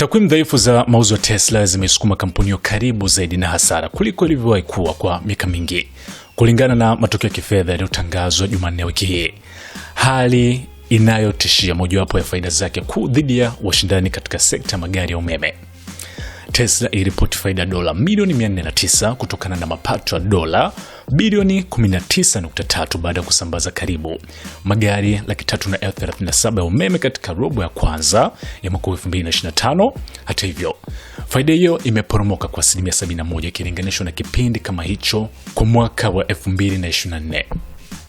Takwimu dhaifu za mauzo ya Tesla zimeisukuma kampuni hiyo karibu zaidi na hasara kuliko ilivyowahi kuwa kwa miaka mingi, kulingana na matokeo ya kifedha yaliyotangazwa Jumanne wiki hii, hali inayotishia mojawapo ya faida zake kuu dhidi ya washindani katika sekta ya magari ya umeme. Tesla iliripoti faida dola milioni 409 kutokana na mapato ya dola bilioni 19.3 baada ya kusambaza karibu magari laki tatu na elfu 37 ya umeme katika robo ya kwanza ya mwaka 2025. Hata hivyo, faida hiyo imeporomoka kwa asilimia 71 ikilinganishwa na kipindi kama hicho kwa mwaka wa 2024.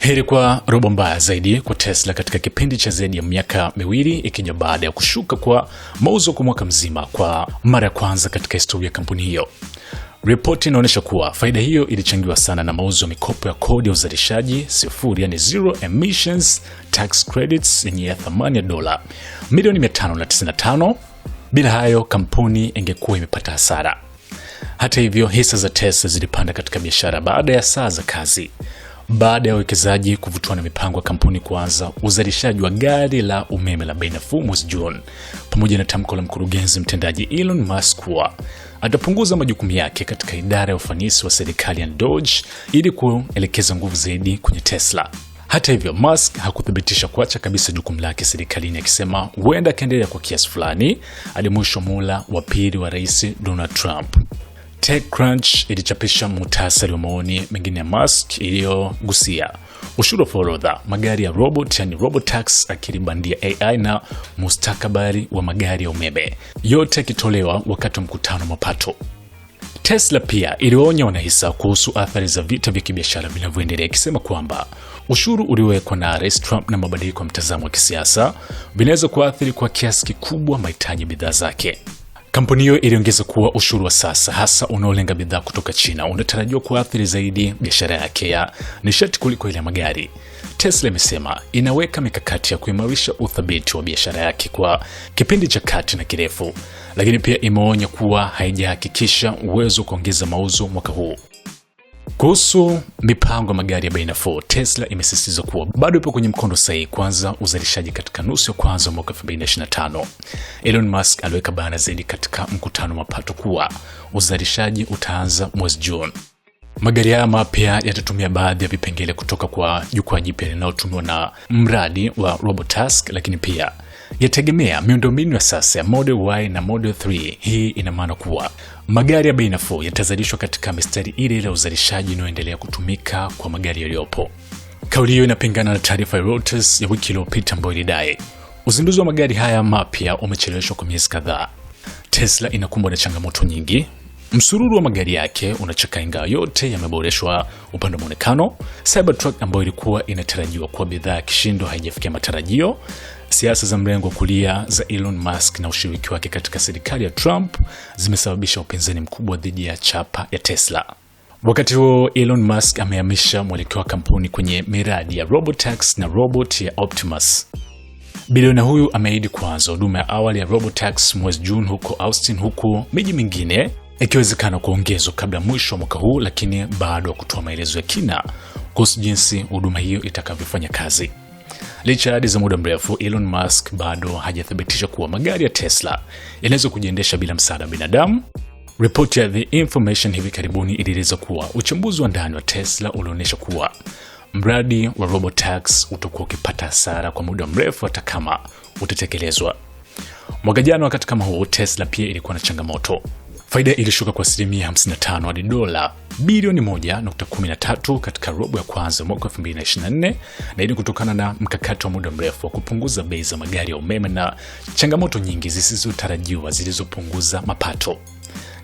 Heri kwa robo mbaya zaidi kwa Tesla katika kipindi cha zaidi ya miaka miwili ikija baada ya kushuka kwa mauzo kwa mwaka mzima kwa mara ya kwanza katika historia ya kampuni hiyo. Ripoti inaonyesha kuwa faida hiyo ilichangiwa sana na mauzo ya mikopo ya kodi ya uzalishaji sifuri, yani zero emissions tax credits yenye thamani ya dola milioni 595. Bila hayo kampuni ingekuwa imepata hasara. Hata hivyo, hisa za Tesla zilipanda katika biashara baada ya saa za kazi baada ya wawekezaji kuvutiwa na mipango ya kampuni kuanza uzalishaji wa gari la umeme la bei nafuu mwezi Juni, pamoja na tamko la mkurugenzi mtendaji Elon Musk kuwa atapunguza majukumu yake katika idara ya ufanisi wa serikali ya Doge ili kuelekeza nguvu zaidi kwenye Tesla. Hata hivyo, Musk hakuthibitisha kuacha kabisa jukumu lake serikalini, akisema huenda akaendelea kwa kiasi fulani hadi mwisho muhula wa pili wa Rais Donald Trump. TechCrunch ilichapisha muhtasari wa maoni mengine ya Musk iliyogusia ushuru wa forodha, magari ya robot, yani robot tax, AI na mustakabari wa magari ya umeme, yote akitolewa wakati wa mkutano wa mapato. Tesla pia iliwaonya wanahisa kuhusu athari za vita vya kibiashara vinavyoendelea, ikisema kwamba ushuru uliowekwa na Rais Trump na mabadiliko ya mtazamo wa kisiasa vinaweza kuathiri kwa kiasi kikubwa mahitaji bidhaa zake. Kampuni hiyo iliongeza kuwa ushuru wa sasa hasa unaolenga bidhaa kutoka China unatarajiwa kuathiri zaidi biashara yake ya nishati kuliko ile ya magari. Tesla imesema inaweka mikakati ya kuimarisha uthabiti wa biashara yake kwa kipindi cha kati na kirefu, lakini pia imeonya kuwa haijahakikisha uwezo wa kuongeza mauzo mwaka huu. Kuhusu mipango ya magari ya bei nafuu, Tesla imesisitiza kuwa bado ipo kwenye mkondo sahihi kuanza uzalishaji katika nusu ya kwanza wa mwaka 2025. Elon Musk aliweka bayana zaidi katika mkutano wa mapato kuwa uzalishaji utaanza mwezi Juni. Magari haya mapya yatatumia baadhi ya vipengele kutoka kwa jukwaa jipya linalotumiwa na mradi wa Robotask, lakini pia yategemea miundombinu ya sasa ya Model Y na Model 3. Hii ina maana kuwa magari ya bei nafuu yatazalishwa katika mistari ile ile ya uzalishaji inayoendelea kutumika kwa magari yaliyopo. Kauli hiyo inapingana na taarifa ya Reuters ya wiki iliyopita ambayo ilidai uzinduzi wa magari haya mapya umecheleweshwa kwa miezi kadhaa. Tesla inakumbwa na changamoto nyingi. Msururu wa magari yake unacheka, ingawa yote yameboreshwa upande wa muonekano. Cybertruck ambayo ilikuwa inatarajiwa kuwa bidhaa ya kishindo haijafikia matarajio, Siasa za mrengo wa kulia za Elon Musk na ushiriki wake katika serikali ya Trump zimesababisha upinzani mkubwa dhidi ya chapa ya Tesla. Wakati huo Elon Musk amehamisha mwelekeo wa kampuni kwenye miradi ya robotax na robot ya Optimus. Biliona huyu ameahidi kwanza huduma ya awali ya robotax mwezi Juni huko Austin, huku miji mingine ikiwezekana kuongezwa kabla mwisho wa mwaka huu, lakini bado kutoa maelezo ya kina kuhusu jinsi huduma hiyo itakavyofanya kazi. Licha ya hadi za muda mrefu, Elon Musk bado hajathibitisha kuwa magari ya Tesla yanaweza kujiendesha bila msaada wa binadamu. Ripoti ya The Information hivi karibuni ilieleza kuwa uchambuzi wa ndani wa Tesla ulionyesha kuwa mradi wa robotax utakuwa ukipata hasara kwa muda mrefu hata kama utatekelezwa. Mwaka jana wakati kama huo, Tesla pia ilikuwa na changamoto. Faida ilishuka kwa asilimia 55 hadi dola bilioni 1.13 katika robo ya kwanza mwaka 2024, na hii ni kutokana na mkakati wa muda mrefu wa kupunguza bei za magari ya umeme na changamoto nyingi zisizotarajiwa zilizopunguza mapato.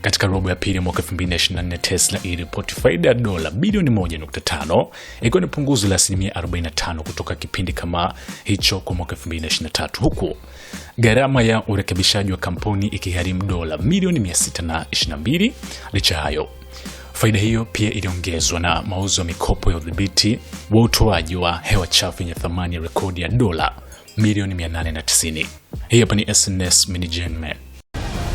Katika robo ya pili mwaka 2024, Tesla iliripoti faida ya dola bilioni 1.5 ikiwa ni punguzo la asilimia 45 kutoka kipindi kama hicho kwa mwaka 2023, huku gharama ya urekebishaji wa kampuni ikigharimu dola milioni 622. Licha hayo faida hiyo pia iliongezwa na mauzo ya mikopo ya udhibiti wa utoaji wa hewa chafu yenye thamani ya rekodi ya dola milioni 890. Hii hapa ni SNS Management